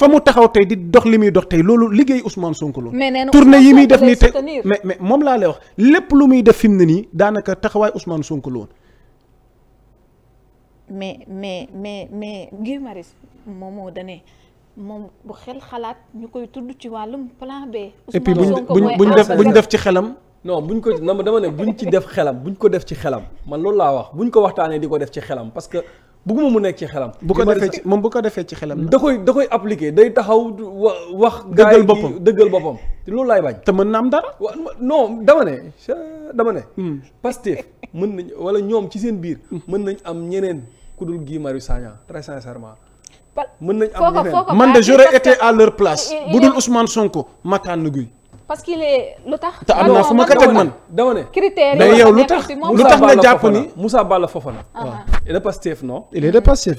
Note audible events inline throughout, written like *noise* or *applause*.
fa mu taxaw tey di dox li muy dox tey loolu liggéey Ousmane Sonko loolu tournée yi muy def nii tey mais mais moom laa lay wax lépp lu muy def fi mu ne nii daanaka taxawaay Ousmane Sonko loolu mais mais mais mais Guy moom moo dane moom bu xel xalaat ñu koy tudd ci wàllum plan B. et puis buñ buñ def buñ def ci xelam. non buñ ko dama ne buñ ci def xelam buñ ko def ci xelam man loolu laa wax buñ ko waxtaanee di ko def ci xelam parce bugguma mu nekk ci xelam. bu ko defee ci moom bu ko defee ci xelam. da koy da koy appliqué day taxaw wa wax. dëggal boppam dëggal boppam. loolu laay bañ. te man na am dara. non dama ne dama ne. Hmm. Pastef mën nañ wala ñoom ci seen biir. Hmm. mën nañ am ñeneen ku dul Guy Marius Sagna très sincèrement. mën nañ am ñeneen man de j'aurais été à leur place. bu dul Ousmane Sonko mataan tànn Guy. parce qu'il est lu tax. te am naa fu ma ko teg man dama ne. critères mais yow lu tax lu tax nga jàpp ni Moussa Balla Fofana. Ah. waaw il est de Pastef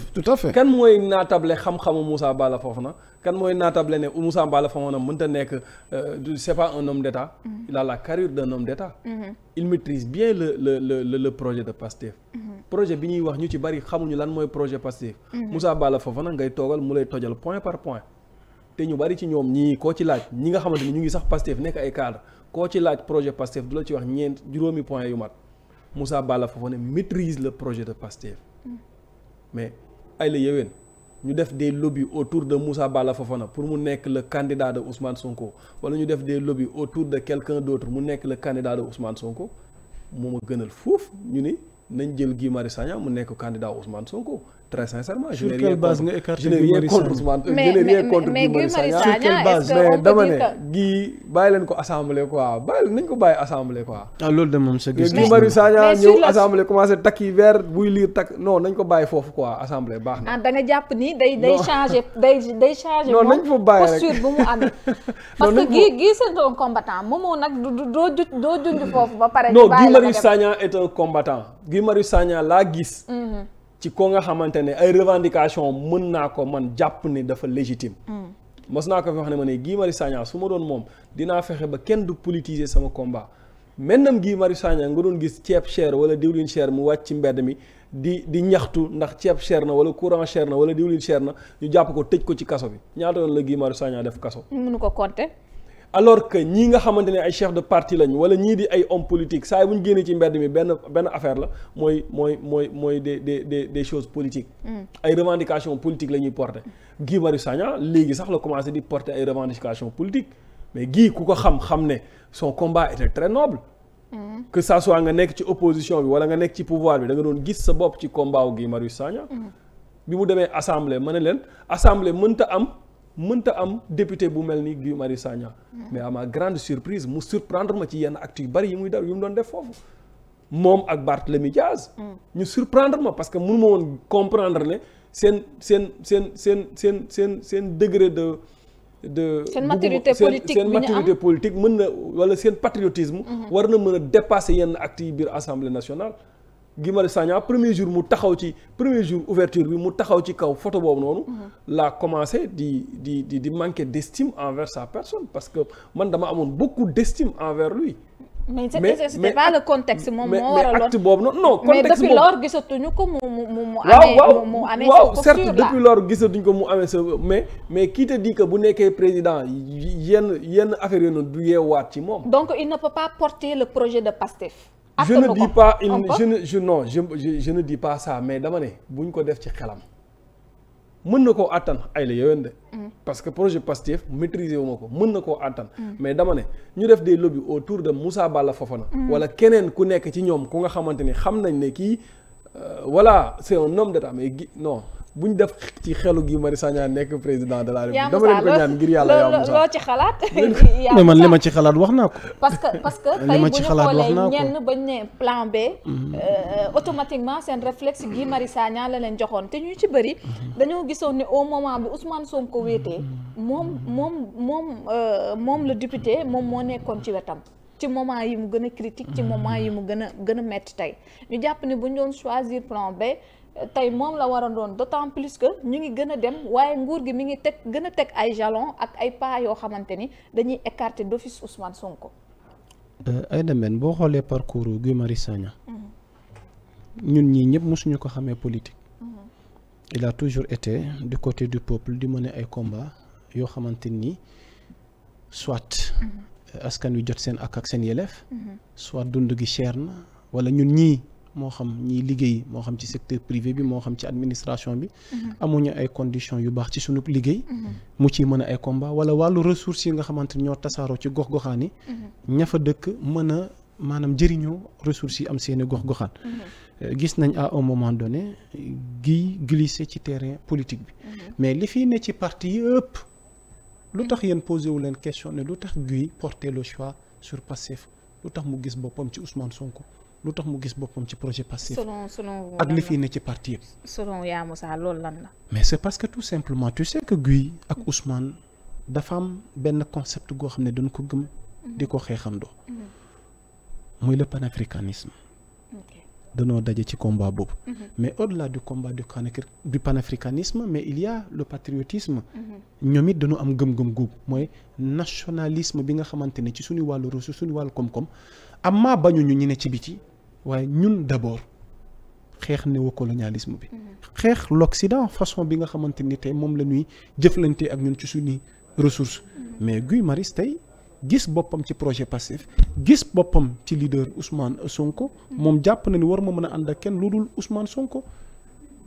kan mooy naatable xam-xamu Moussa Balla Fofana kan mooy naatable ne Moussa Balla Fofana mënut nekk euh, c'est pas un homme d'État. Mm-hmm. il a la carrure d'un homme d'État. Mm-hmm. il maîtrise bien le le le projet de Pastef. Mm-hmm. projet bi ñuy wax ñu ci bari xamuñu lan mooy projet Pastef. Moussa Balla Fofana ngay toogal mu lay tojal point par point. te ñu bari ci ñoom ñii koo ci laaj ñi nga xamante ni ñu ngi sax Pastef nekk ay cadre koo ci laaj projet Pastef du la ci wax ñeent juróomi point yu mat Moussa Balla Fofana maîtrise le projet de Pastef mais ay la yeween ñu def des lobbies autour de Moussa Balla Fofana pour mu nekk le candidat de Ousmane Sonko wala ñu def des lobbies autour de quelqu'un d'autre mu nekk la candidat de Ousmane Sonko moom a gënal foofu ñu ni nañ jël Guy Marius mu nekk candidat Ousmane Sonko très sincèrement. je n'ai rien contre je n'ai rien contre Ousmane je contre Guy Marius Sagna sur quelle base mais dama ne Guy bàyyi leen ko assemblée quoi bàyyi nañ ko loolu de moom eh, *laughs* sa gis. mais Guy Marius Sagna ñëw assemblée commencé buy liir takk non nañ ko bàyyi foofu quoi assemblée baax na. ah da jàpp ni day day changé day day changé. non nañ ko bàyyi rek posture bu mu amee. parce que Guy Guy c'est un combattant moomoo nag doo ju doo junj foofu ba pare. non Guy Marius Sagna laa gis. ci ko nga xamante ne ay revendication mën naa ko man jàpp ni dafa légitime mm. mos naa ko fi wax ne ma ne gii Marius Sagna su ma doon moom dinaa fexe ba kenn du politiser sama combat maintenant Guy Marius Sagna nga doon gis ceeb cher wala diwlin cher mu wàcc ci mbedd mi di di ñaxtu ndax ceeb chair na wala courant cher na wala diwlin cher na ñu jàpp ko tëj ko ci kaso bi ñaata yoon la Guy Marius Sagna def kaso mënu ko compter alors que ñii nga xamante ne ay chef de parti lañ wala ñii di ay homme politique saa yi bu génnee ci mbedd mi benn benn affaire la mooy mooy mooy mooy des des des des choses politiques. Mm. ay revendications politique la ñuy porter. Guy Marius Sagna léegi sax la commencé di porter ay revendications politiques mais Guy ku ko xam xam ne son combat était très noble. Mm. que ça soit nga nekk ci opposition bi wala nga nekk ci pouvoir bi da nga doon gis sa bopp ci combat wu Guy Marius mm. bi mu demee assemblée ma ne leen assemblée mënta am. mënta am député bu mel ni Guy Marius Sagna mais à ma grande surprise mu surprendre ma ci yenn actes yu bari yi muy daw yu mu doon def foofu moom ak Barthélemy Diaz mm. ñu surprendre ma parce que mënu ma woon comprendre ne seen seen seen seen seen seen seen degré de de seen maturité politique seen maturité politique mën na wala seen patriotisme mm-hmm. war na mën a dépasser yenn actes yi biir assemblée nationale Guy Marius Sagna premier jour mu taxaw ci premier jour ouverture bi mu taxaw ci kaw photo boobu noonu mm-hmm. laa commencé di di di di manquer d'estime envers sa personne parce que man dama amoon beaucoup d'estime envers lui mais c'était pas le contexte moom boobu noonu non contexte boobu mais depuis lors gisatuñu ko mais mais qui te dit que bu nekkee président yenn yenn affaire yooyu noonu du yeewaat ci moom donc il ne peut pas porter le projet de PASTEF je ne dis pas il je ne pas ça mais dama ne ñu ko def ci xelam. mën na koo àttan ay la yowén de mm. parce que projet Pastef maîtriser wuma ko mën na koo àttan mm. mais dama ne ñu def des lobby autour de Moussa Balla Fofana mm. wala keneen ku nekk ci ñoom ku nga xamante ni xam nañ ne kii euh, voilà c'est un homme d'état mais non bu ñu def ci xelu gi Mari Sagna nekk président de la République dama leen ko ngir yàlla yaa Moussa loo ci xalaat *laughs* mais man li ma ci xalaat wax naa ko parce que parce que *laughs* tey bu ñu xoolee ñenn bañ ne plan B mhm. euh, euh, automatiquement seen réflexe gi Mari Sagna la leen joxoon te ñu ci bëri mhm. dañoo gisoon ni au moment bi Ousmane Sonko wéetee mhm. moom moom moom euh, moom le député moom moo nekkoon ci wetam ci moment yi mu gën a critique ci moment yi mu gën a gën a métti tey ñu jàpp ni bu ñu doon choisir plan B tey moom la war a doon d'autant plus que ñu ngi gën a dem waaye nguur gi mi ngi teg gën a teg ay jalon ak ay pas yoo xamante ni dañuy écarter d'office Ousmane Sonko. Euh, ay demeen boo xoolee parcours Guy Marius Sagna mm-hmm. ñun ñii ñëpp mosuñu ko xamee politique. Mm-hmm. il a toujours été du côté du peuple di mener ay combat yoo xamante ni soit. Mm-hmm. askan wi jot seen ak ak seen yelleef. soit dund gi cher na wala ñun ñii. moo xam ñiy liggéey moo xam ci secteur privé bi moo xam ci administration bi mhm. amuñu ay conditions yu baax ci sunu liggéey mhm. mu ciy mën a ay combat wala wàllu ressources yi nga xamante ni ñoo tasaaroo ci gox goxaan yi mhm. ña fa dëkk mën a maanaam jëriñoo ressources yi am seeni gox goxaan euh, gis nañ à un moment donné gi glissé ci terrain politique bi mais li fii ne ci parti yëpp lu tax yéen posé wu leen question ne lu tax Guy porter le choix sur Pastef lu tax mu gis boppam ci Ousmane Sonko lu tax mu gis boppam ci projet Pastef. selon selon ak li fii ne ci parti yëpp. selon yaa Moussa loolu lan la. mais c'est parce que tout simplement tu sais que Guy ak Ousmane dafa am benn concept goo xam ne dañ ko gëm. di ko xeexandoo. Mhm. muy le panafricanisme. danoo daje ci combat boobu. Mhm. mais au-delà du combat du du panafricanisme mais il y a patriotisme. Mhm. ñoom it dañoo am gëm-gëm googu mooy nationalisme bi nga xamante ne ci suñu wàllu ressource suñu wàllu koom-koom am maa bañuñu ñi ne ci biti waaye ñun d'abord xeex néocolonialisme bi. Mhm. xeex loxident façon bi nga xamante ni tey moom la ñuy jëflante ak ñun ci suñuy ressources. Mhm. mais Guy Marius tey gis boppam ci projet Pastef gis boppam ci leader Ousmane Sonko. Mhm. moom jàpp na ni war ma mën a ànd ak kenn lu dul Ousmane Sonko.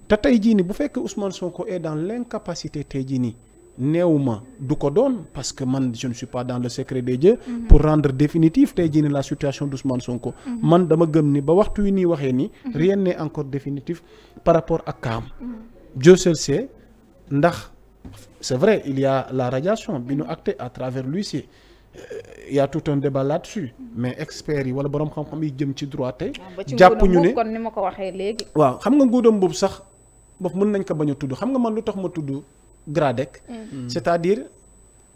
te tey jii nii bu fekkee Ousmane Sonko est dans capacité tey jii nii. néew ma du ko doon parce que man je ne suis pas dans le secret des dieux. Mhm. pour rendre définitif tey jii la situation d'Ousmane Sonko. Mm -hmm. man dama gëm ni ba waxtu yi nii waxee ni. Mhm. rien n'est encore définitif par rapport ak kaam. Mhm. Dieu seul ndax c'est vrai il y la radiation bi nu acté à travers l'huissier. Euh, il y a tout un débat là-dessus mais experts yi wala boroom xam-xam yi jëm ci droit tey. Ah, jàppu ñu ne ni ma ko waxee léegi. waaw xam nga nguudam boobu sax boobu mën nañ ko bañ a tudd xam nga man lu tax ma tudd. GRADEC. Mm. Mm. c'est-à-dire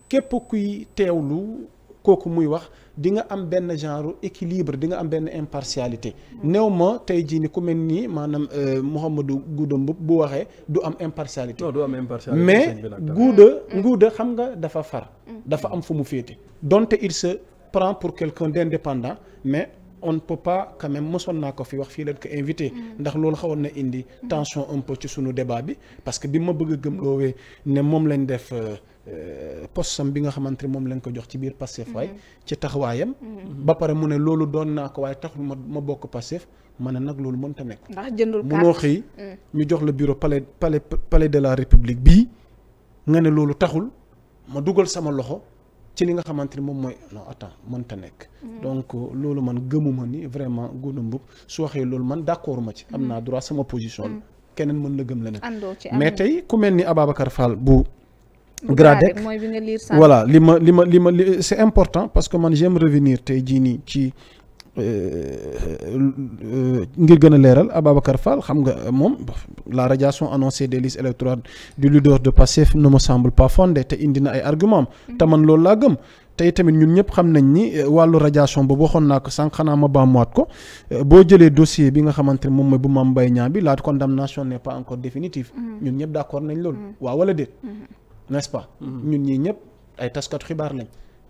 képp kuy teewlu kooku muy wax di nga am benn genre équilibre di nga am benn impartialité. Mm. new ma tey jii ni ku mel nii maanaam euh, Mouhamadou Gouda Mboup bu waxee du am impartialité. non du mais Gouda Gouda xam nga dafa far. dafa am fu mu féete. donte il se prend pour quelqu'un d'indépendant mais. on ne peut pas mosoon naa ko fi wax fii leen ko invité. Mm. ndax loolu xawoon na indi. Mm. tension un peu ci sunu débat bi parce que bi ma bëgg a gëm loowee ne moom lañ def. Euh, euh, poste sam bi nga xamante ne moom lañ ko jox ci biir Pastef waay mm. ci taxawaayam. ba pare mu ne loolu doon naa ko waaye taxul ma ma bokk Pastef ma ne nag loolu mënta nekk. ndax jëndul munoo xëy. ñu jox la bureau palais palais palais de la république bii nga ne loolu taxul ma dugal sama loxo. ci li nga xamante ni moom mooy non attends mënta nekk. Mm-hmm. donc euh, loolu man gëmuma ni vraiment Ngoné Mboup su waxee loolu man d' accord ma ci. am naa mm-hmm. droit sama position mm-hmm. keneen mën na gëm la leneen. mais tey ku mel ni Ababacar Fall bu. de voilà li ma li ma li ma li est important parce que man j'aime revenir tey jii nii ci. Euh, euh, ngir gën a leeral Ababacar Fall xam nga moom la radiation annoncée des listes électorales du leader de Pastef ne me semble pas fondée te indi na ay argument am mm-hmm. te man laa gëm tey tamit ñun ñëpp xam nañ ni euh, wàllu radiation boobu waxoon naa ko sànq xanaa ma baamuwaat ko boo jëlee dossier bi nga xamante ne moom mooy bu Mame Mbaye Niang bi la condamnation n'est pas encore définitive mm-hmm. ñun ñëpp d'accord nañ loolu mm-hmm. waaw wala déet n'est-ce pas ñun ñii ñëpp ay taskatu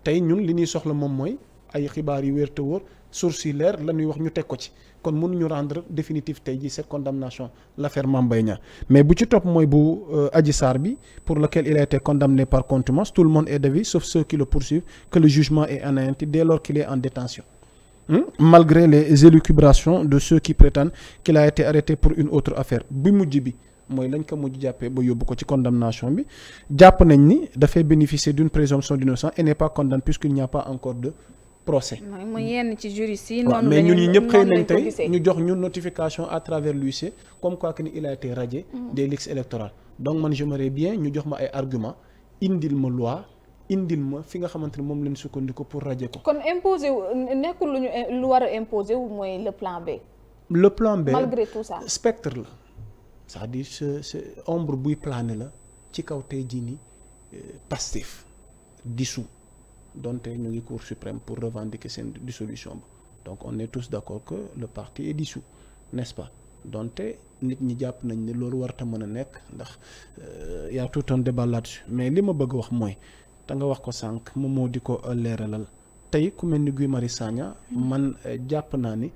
tey ñun li ñuy soxla moom mooy ay xibaar yu wér te source yu leer la ñuy wax ñu teg ko ci kon mënuñu rendre définitif tey jii cette condamnation l'affaire Mame Mbaye Niang mais bu ci topp mooy bu euh, Adji Sarr bi pour lequel il a été condamné par contumace tout le monde est d'avis sauf ceux qui le poursuivent que le jugement est anéanti dès lors qu'il en détention hmm? malgré les élucubrations de ceux qui prétendent qu'il été arrêté pour une autre affaire bi mujj bi mooy lañ ko mujj jàppee ba yóbbu ko ci condamnation bi jàpp nañ ni dafay bénéficier d'une présomption d'innocence et n'est pas condamné puisqu'il procès. mu yenn ci juriste yi noonu mais ñun ñi ñëpp xëy nañ tey ñu jox ñun notification à travers l'huissier comme quoi que ni il a été radié mm. des listes donc man j'aimerais bien ñu jox ma ay argument indil ma loi indil ma fi nga xamante ne moom lañ sukkandiku pour radier ko. kon imposer nekkul lu ñu lu war a imposer wu mooy le plan B. le plan B malgré tout spectre la sax à dire ce ombre buy plané la ci kaw tey jii nii euh, Pastef dissous donte ñu ngi cour suprême pour revendiquer seen dissolution ba donc on est tous d'accord que le parti est dissous n'est-ce pas donte nit ñi jàpp nañ ne loolu war ta mën a nekk ndax euh, y a tout un débat là mais li ma bëgg wax mooy te nga wax ko sànq moom moo di ko leeralal tey ku mel ni Guy Marius Sagna mm-hmm. man euh, jàpp naa ni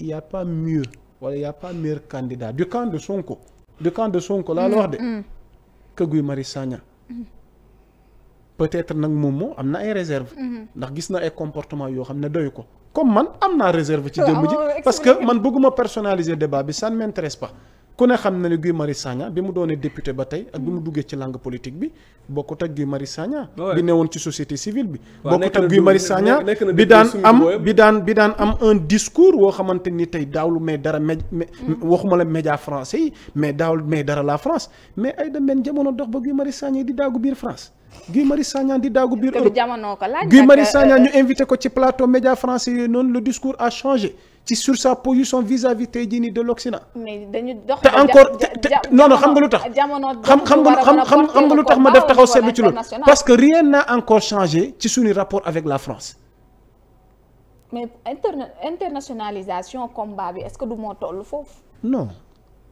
yaa a pas mieux wala yaa a pas meilleur candidat du camp de Sonko du camp de Sonko laa mm-hmm. wax de mm-hmm. que Guy Marius Sagna peut-être nag moom moo am na ay réserve mhm. ndax gis na ay comportement yoo xam ne doy ko comme man am naa réserve ci jëmm ah, ji ah, parce que man bëgguma personnaliser débat bi ça ne m'intéresse pas ku ne xam na ne Guy Marius Sagna bi mu doonee député ba tey ak bi mu mhm. duggee ci langue politique bi bokkut ak Guy Marius Sagna bi newoon ci société civile bi bokkut ak Guy Marius Sagna bi daan am bi daan bi daan am un discours woo xamante ni tey daawlu mais dara mé mhm. waxuma la média français mais daawlu mais dara la France mais ay jamono dox ba Guy Marius di daagu biir France Guy Marius Sagna di daagu biir Europe jamono ko laaj Guy Marius euh, Sagna ñu invité ko ci plateau média français yooyu noonu le discours a changé ci sur sa position vis vis tey jii nii de l'Occident. mais dañu dox te encore te xam nga lu tax. jamono xam xam nga lu tax ma def taxaw seetlu ci loolu. parce que rien n'a encore changé ci suñu rapport avec la France. mais internationalisation combat bi est-ce que du moo toll foofu. non.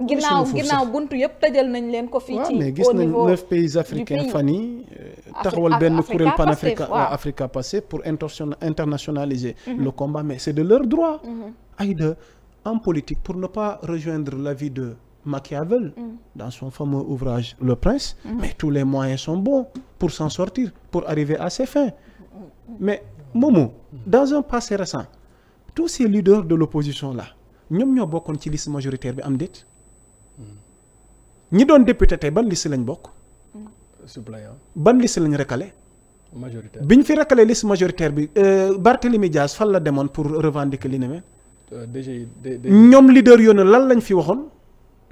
ginnaaw ginnaaw buntu yëpp tëjal nañ leen ko fii ci mais gis nañ neuf pays africains fan yi euh, taxawal benn kuréel panafricain euh, Africa Passé pour internationaliser mhm. le combat mais c'est de leur droit mhm. Aïda en politique pour ne pas rejoindre l'avis de Machiavel mhm. dans son fameux ouvrage Le Prince mais tous les moyens sont bons pour s'en sortir pour arriver à ses fins mais Momo dans un passé récent tous ces leaders de l'opposition la ñoom ñoo bokkoon ci liste majoritaire bi am ñi doon député tey ban liste lañ bokk. suppléant ban liste lañ recalé. majoritaire bi ñu fi recalé liste majoritaire bi euh, Barthélemy Dias fan la demoon pour revendiquer li ne mel. Euh, ñoom leader yoon lan lañ fi waxoon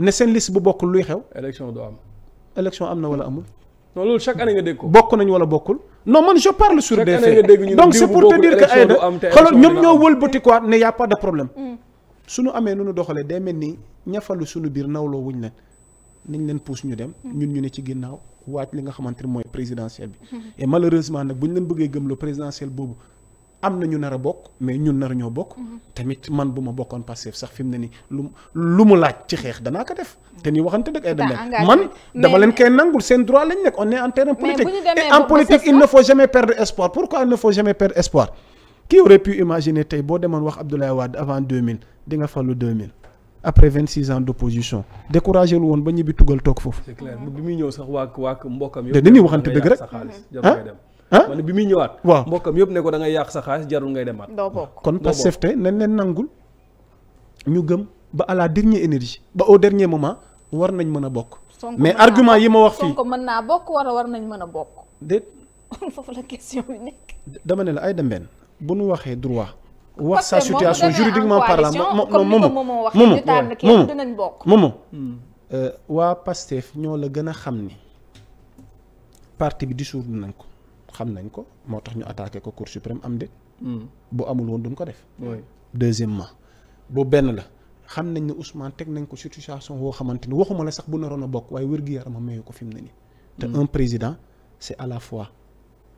ne seen liste bu bokkul luy xew. élection du am. élection am na wala amul. non loolu chaque ko. bokk nañ wala bokkul. non man je parle sur des donc c' pour te dire que Aïda xoolal ñoom ñoo wëlbati quoi ne y' a pas de problème. Mm. suñu amee nu nu doxalee day mel ni ñafalu suñu biir nawloo wuñ leen. nañ leen pousse ñu dem. Mm-hmm. ñun ñu ne ci ginnaaw waaj li nga xamante ne mooy présidentiel bi. Mm-hmm. et malheureusement nag bu ñu leen bëggee gëmloo présidentiel boobu. am na ñu nar a bokk mais ñun nar ñoo bokk. Mm-hmm. tamit man bu ma bokkoon Pastef sax fi mu ne nii lu mu laaj ci xeex danaa ko def. te ni waxante dëgg ay demee man dama leen koy nangul seen droit lañ nekk on est en terrain en politique il ne faut jamais perdre espoir pourquoi il ne faut jamais perdre espoir. qui aurait pu imaginer tey wax Abdoulaye Wade après vingt six ans d' opposition découragé lu woon ba ñibbi tugal toog foofu. c' est bi muy ñëw sax waa waa mbokkam yëpp. dañuy waxante dëgg rek ah ah man bi muy ñëwaat. waaw mbokkam yëpp ne ko da ngay yàq sa xaalis jarul ngay demaat. doo bokk kon Pastef te nañ leen ñu gëm ba à la dernière ba dernier moment war nañ mën a bokk. mais argument yi ma wax fii Sonko mën naa bokk wala war nañ mën a bokk. déet *laughs* foofu la question ne la ay demben bu nu waxee droit. wax sa situation juridiquement parlant moom moom moom waa Pastef ñoo la gën a xam ni parti bi dissoudre nañ ko xam nañ ko moo tax ñu attaqué ko Cour suprême am déet. Mm. bu amul woon duñ ko def. deuxièmement bu benn la xam nañ ne Ousmane teg nañ ko situation woo xamante ni waxuma la sax bu naroon a bokk waaye wér-gu-yaramam mayu ko fi mu ne nii. te mm. un président c'est à la fois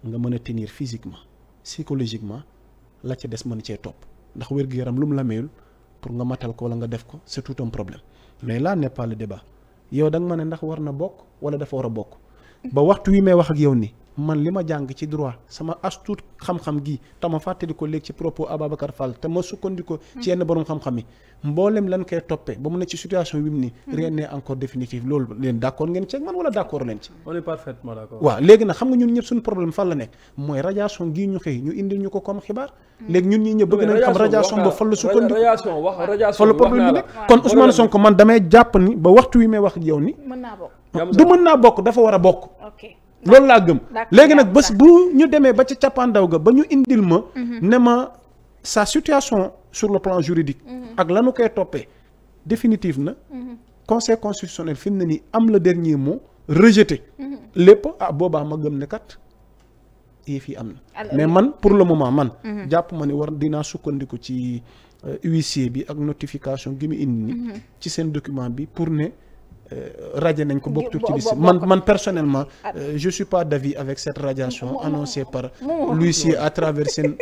nga mën a tenir physiquement psychologiquement. la ca des man cee topp ndax wér-gu-yaram lu mu la mayul pour nga matal ko wala nga def ko c'est tout problème mais laa n'est pas le yow da nga ma ne ndax war na bokk wala dafa war a bokk ba waxtu wi may wax ak yow ni man li ma jàng ci droit sama astuut xam-xam gi te ma fàttali ko léegi ci propos Ababacar Fall te ma sukkandiku ci yenn borom xam-xam yi mboolem lan koy toppee ba mu ne ci situation bi mu ni hmm. rien n'est encore loolu leen d' accord ngeen ceeg man wala d' accord leen ci. on est parfaitement d' accord. waaw léegi nag ñu xëy ñu ñu ko comme xibaar. Hmm. léegi ñun ñii ñëpp bëgg nañ xam radiation ba fan la sukkandiku radiation wax radiation fan la problème bi nekk kon Ousmane Sonko man damay jàpp ni ba waxtu wi may wax yow ni du mën naa bokk dafa war a bokk loolu laa gëm léegi nag bés bu ñu demee ba ca cappaandaw ga ba ñu indil ma mhm. ne ma sa situation sur le plan juridique mhm. ak la koy toppee définitive na mhm. conseil constitutionnel fi ne nii am le dernier mot régeté lépp ah boobaa ma gëm ne yi yëf am na mais man pour le moment man jàpp ma ne war dinaa sukkandiku ci euh, huissier bi ak notification gi mu indi ni ci seen document bi pour ne Euh, radié nañ ko bokk ci liste man man personnellement ah. euh, je suis pas d'avis avec cette radiation annoncée par l'huissier à travers seen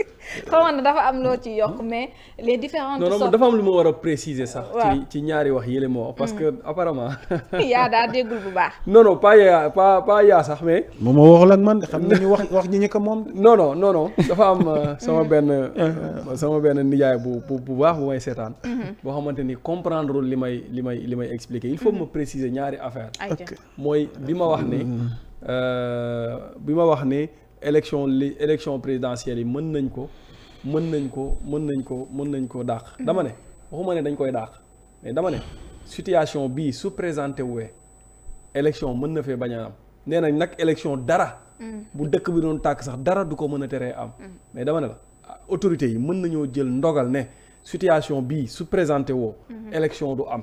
xamoon na dafa am loo ci yokk mais les différentes non dafa am lu ma war a préciser sax ci ñaari wax yële moo parce mm. que apparemment *laughs* yaa daa déggul bu baax non non pas yaa pas yaa sax mais *laughs* moom ma waxul ak man xam nañu wax wax ñi ñu ko moom *laughs* non non non dafa am euh, sama benn mm. sama benn nijaay bu bu baax bu may seetaan mm-hmm. boo xamante ni comprendre préciser ñaari affaire mooy bi ma wax ne euh, bi ma wax ne élection li élection présidentielle yi mën nañ ko mën nañ ko mën nañ ko mën nañ ko dàq dama ne waxuma ne dañ koy dàq mais dama ne situation bii su présenté wee élection mën na fee bañ am nee nañ nag élection dara mm. bu dëkk bi doon tàkk sax dara du ko mën a teree am mm. mais dama ne la autorité yi mën nañoo jël ndogal ne situation bii su présenté woo mm-hmm. élection du am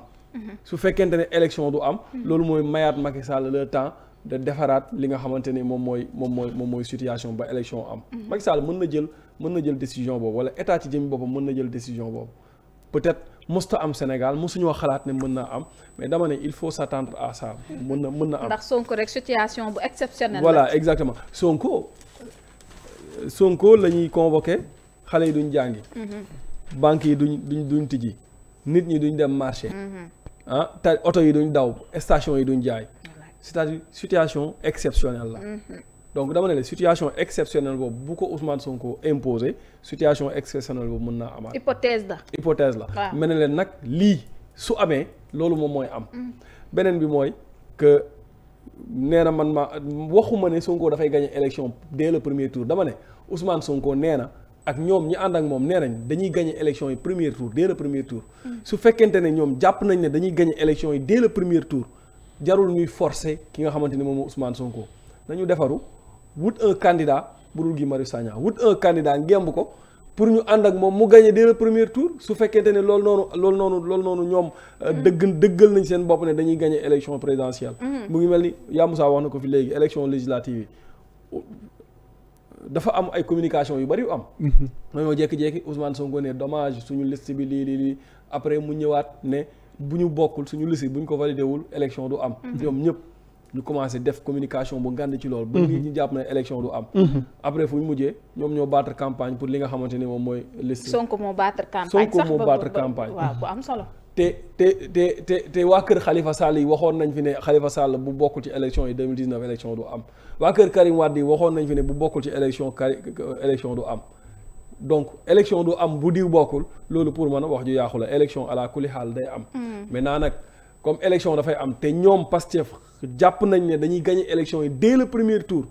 su fekkente ne élection du am. loolu mooy mayaat Macky Sall le temps de defaraat li nga xamante ne moom mooy moom mooy moom mooy situation ba élection am. Mm-hmm. Macky Sall mën na jël mën na jël décision boobu wala état ci jëm boppam mën na jël décision boobu peut-être. musta am Sénégal musuñoo xalaat ne mën na am mais dama ne il faut s'attendre à ça mën na mën na am. ndax Sonko rek situation bu exceptionnelle voilà exactement Sonko Sonko lañuy ñuy convoqué xale yi duñ jàngi. Mm-hmm. yi duñ duñ nit ñi duñ dem marché. Mm-hmm. ah te oto yi duñ daw station yi duñ jaay. cest situation exceptionnelle la. Mm-hmm. donc dama ne situation exceptionnelle boobu bu ko Ousmane Sonko imposé situation exceptionnelle boobu mën naa amaat. hypothèse la hypothèse la. waaw mel na leen nag lii su amee loolu moom mooy am. Mm-hmm. beneen bi mooy que nee na man ma waxuma ne Sonko dafay gagner élection de le premier tour dama ne Ousmane Sonko nee na. ak ñoom ñi ànd ak moom nee nañ dañuy gagné élection yi première tour dès le premier tour. su fekkente ne ñoom jàpp nañ ne dañuy gagné élection yi dès le première tour jarul ñuy forcer ki nga xamante ni moom Ousmane Sonko nañu defaru wut un candidat bu dul Guy Marius wut un candidat ngemb ko. pour ñu ànd ak moom mu gagné dès le premier tour su fekkente ne loolu noonu loolu noonu loolu noonu ñoom. Euh, mm-hmm. dëgg dëggal nañ seen bopp ne dañuy gagné élection présidentielle. Mm-hmm. mu ngi mel ni Yamoussa wax na ko fi léegi élection législative yi. dafa am ay communication yu bari yu am. dañoo mhm. jékki-jékki Ousmane Sonko ne dommage suñu liste bi lii lii après mu ñëwaat ne bu ñu bokkul suñu liste bu ñu ko validé wul élection du am. Mhm. ñoom ñëpp ñu commencé def communication bu ngànd ci loolu. ba nit ñi mhm. jàpp na élection du am. après fu ñu mujjee ñoom ñoo battre campagne pour li nga xamante ni moom mooy. liste Sonko moo battre campagne sax ba ba waaw bu am solo. te te te te te waa kër xalifa Sall yi waxoon nañ fi ne Khalifa Sall bu bokkul ci élection yi 2019 élection du am waa kër Karim Wade yi waxoon nañ fi ne bu bokkul ci élection Karim élection du am donc élection du am bu diw bokkul loolu pour mën a wax ju yaaxu la élection ala kulli xaal day am. Mm. maintenant nag comme élection dafay am te ñoom Pastef jàpp nañ ne dañuy gagné élection yi dès le première tour.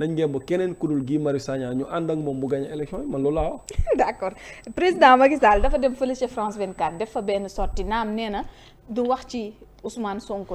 nañ ngemb keneen kudul Guy Marius Sagna ñu ànd ak moom mu gagné élection yi man loolu laa wax. *laughs* d' président Macky Sall dafa dem fële ca France 24 def fa benn sortie naam nee na du wax ci Ousmane Sonko.